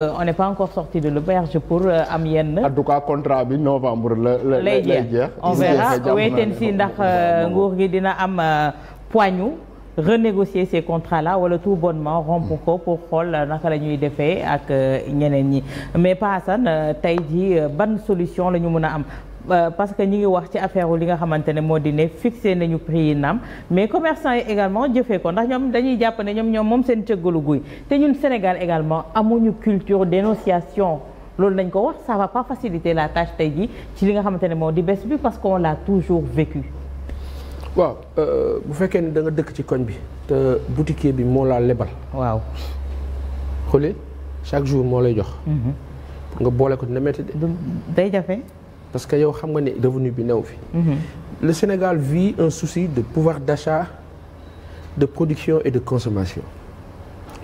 Euh, on n'est pas encore sorti de l'auberge pour euh, am yenn. en tout contrat bi novembre la lay jeex on verra weyten si ndax euh, nguur gi dina am poignu renégocier ces contrats la wala tout bonnement rompre ko pour xool naka la ñuy defee ak ñeneen ñi mais Pa Assane tey ji ban solution lañu ñu mën a am Euh, parce que ñi ngi wax ci affaire li nga xamante ne moo di ne fixé nañu prix yi naam mais commercant yi également jëfee ko ndax ñoom dañuy jàpp ne ñoom ñoom moom seen cëggalu guy te ñun Sénégal également amuñu culture dénonciation loolu nañ ko wax ça va pas faciliter la tâche tey jii ci li nga xamante ne moo di bés bi parce qu'on l'a toujours vécu waaw euh, bu fekkee ne da nga dëkk ci koñ bi te boutiquier bi moo laa lebal waaw xoolee chaque jour moo lay jox mhm. nga boole ko dina day jafe parce que yow xam nga ne revenu bi new fi mhm. le Sénégal vie un souci de pouvoir d'achat de production et de consommation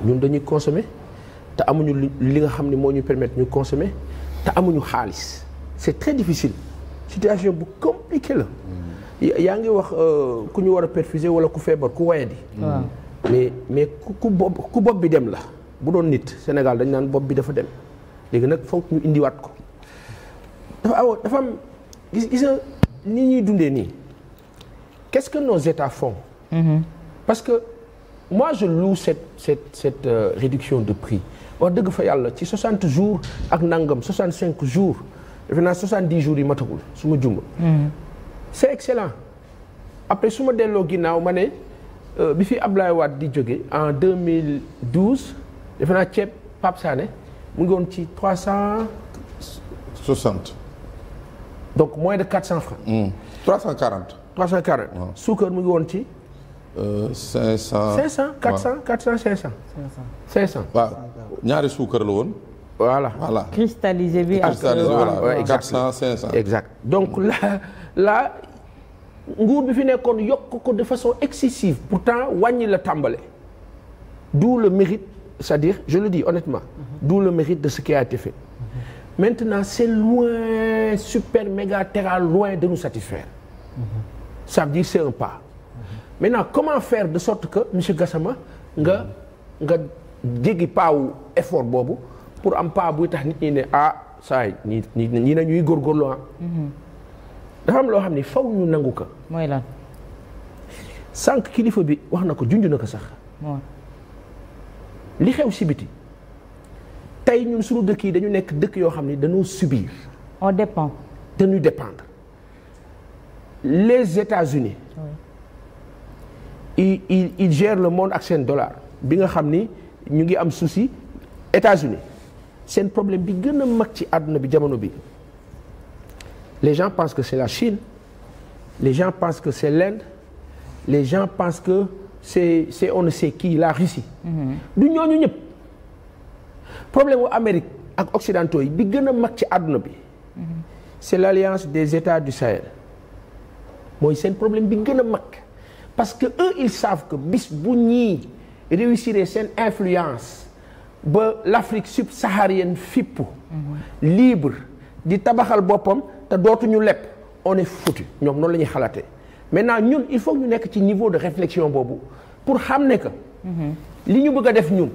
ñun dañuy consommer te amuñu li nga xam ne moo ñu permettre ñu consommer te amuñu xaalis c'est très difficile situation bu compliquée la mhm. yaa ngi wax euh, ku ñu war a perfuser wala ku feebar ku wayadi mais mais ku bopp ku bopp bi dem la bu doon nit Sénégal dañ naan bopp bi dafa dem léegi nag foog ñu indiwaat ko dafa aw dafa am gis gis nga ni ñuy dundee nii qu'est-ce que nos états font mm-hmm. parce que moi je loue cette cette cette euh, réduction de prix wax dëgg fa yàlla ci 60 jours ak nangam cinq jours defe naa 70 jours yi matagul su ma jumba mm-hmm. c'est excellent après su ma delloo ginnaaw ma ne euh, bi fi Ablaye Wade di jóge en 2012 defe naa ceeb Pape Sané mu ngi woon ci 360. donc moins de hmm. cent francs. 340. 340 waaw suukar mu ngi woon ci. 500 500 400 400 500. 500 waaw ñaari suukar la woon. voilà voilà cristallisé bi ak. voilà 400 500. exact donc hmm. là là nguur bi fi nekkoon yokk ko de façon excessive pourtant wàññi la tàmbale. d'où le mérite c'est-à-dire je le dis honnêtement. Mhm. d'où le mérite de ce qui maintenant c'est loin super méga loin de nous satisfaire mmh. ça veut dire comment faire de sorte que monsieur Gassama nga nga jéggi paawu effort boobu pour am paa buy tax nit ñi ne ah saa yi ñi ñi ñi nañuy góorgóorlu ah mhm. dafa am loo xam ne faw ñu nangu ko mooy lan sànq kilifa bi wax na ko junj na ko sax li xew si biti tey ñun suñu dëkk yi dañu nekk dëkk yoo xam ne dañoo subir. on dépend. dañu dépendre les États-Unis oui. ils, ils ils gèrent le monde ak seen dollar bi nga xam ni ñu ngi am souci États-Unis seen problème bi gën a mag ci àdduna bi jamono bi les gens pensent que c'est la Chine les gens pensent que c'est l'Inde les gens pensent que c'est c'est on ne sait qui la Russie. Mm-hmm. du ñooñu ñëpp. problème wu Amérique ak occidentaux yi bi gën a mag ci àdduna bi c'est l'alliance des États du Sahel mooy seen problème bi gën a mag parce que eux ils savent que bis bu ñii réussir seen influence ba l'Afrique subsaharienne fippu libre di tabaxal boppam te dootuñu lepp on ne foutu ñoom noonu la ñuy xalaatee maintenant ñun il faut ñu nekk ci niveau de réflexion boobu pour xam ne que mhm. li ñu bëgg a def ñun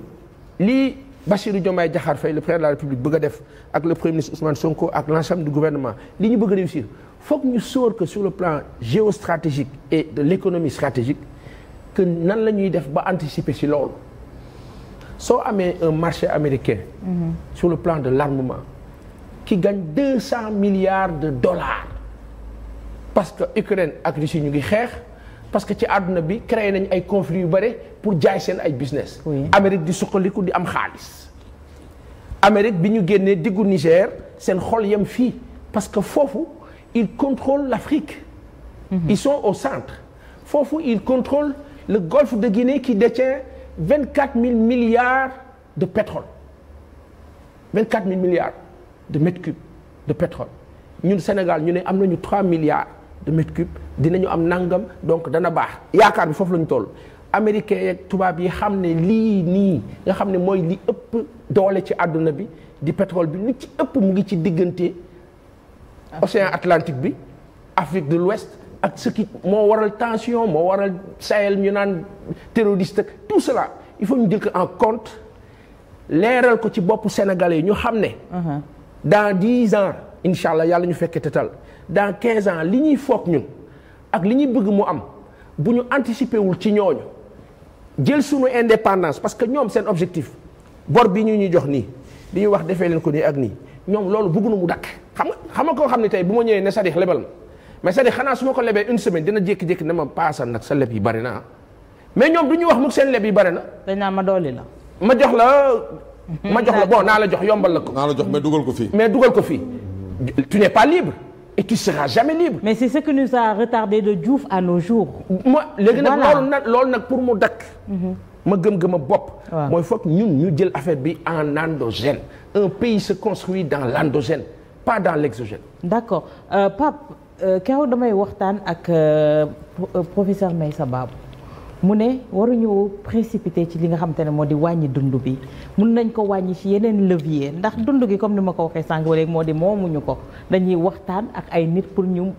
lii Bassirou Diomaye Diakhar fay le président de la République bëgg a def ak le premier ministre Ousmane Sonko ak l'ensemble du gouvernement li ñu bëgg a réussir foog ñu sóor que sur le plan géostratégique et de l'économie stratégique que nan la ñuy def ba anticiper ci loolu soo amee un marché américain mhm. sur le plan de l'armement qui gagne deux cent milliards de dollars parce que Ukraine ak Russie ñu ngi xeex parce que ci àdduna bi créé nañ ay conflits yu bare pour jaay seen ay business. Amérique di suqaliku di am xaalis. Amérique bi ñu génnee diggu Niger seen xol yem fii parce que foofu ils controle l'Afrique. Mhm. ils sont au centre. foofu ils contrôlent le golfe de Guinée qui détient vingt quatre mille milliards de pétrole vingt quatre mille milliards de mètres cubes de pétrole ñun Sénégal ñu ne am nañu trois milliards de mètres cubes dinañu am nangam donc dana baax yaakaar bi foofu la ñu toll. américains yeeg tubaab yi xam ne lii nii nga xam ne mooy li ëpp doole ci àdduna bi di pétrole bi lu ci ëpp mu ngi ci diggante océan Atlantique bi Afrique de l'Ouest ak ce qui moo waral tension moo waral Sahel ñu naan terroriste tout cela il faut ñu jël en compte leeral ko ci boppu sénégalais yi ñu xam ne uh-huh. dans dix ans incha allah yàlla ñu fekkee tal dans quinze ans li ñuy foog ñun ak li ñuy bëgg mu am bu ñu anticiper wul ci ñooñu jël sunu indépendance parce que ñoom seen objectif bor bi ñu ñuy jox nii di ñu wax defee leen ko nii ak nii ñoom loolu bëgg na mu dakk xam nga xam nga koo xam ne tey bu ma ñëwee ne Sadikh lebal ma mais Sadikh xanaa su ma ko lebee une semaine dina jékki-jékki ne ma paasal nag sa leb yi bari na ah. mais ñoom du ñuy wax mukk seen leb yi bari na. dañ naa ma dooli la. ma jox la. ma jox la bon naa la jox yombal la ko. naa la jox mais dugal ko fii. mais dugal ko fii tu n'es pas libre. et c'est ce que nous a retardé de Diouf à nos jours. moi léegi nag loolu nag loolu nag pour mu dakk mhm. ma gëm-gëm bopp. mooy foog ñun ñu jël affaire bi en endogène. un pays se construit dans l'endogène pas dans l'exogène. d'accord euh, Pape euh, keroog damay waxtaan ak euh, professeur Meissa Babou. mu ne waruñu précipité ci li nga xamante ne moo di wàññi dund bi mun nañ ko wàññi ci yeneen levier ndax dund gi comme ni ma ko waxee sànq léegi moo di moomuñu ko dañuy waxtaan ak ay nit pour ñu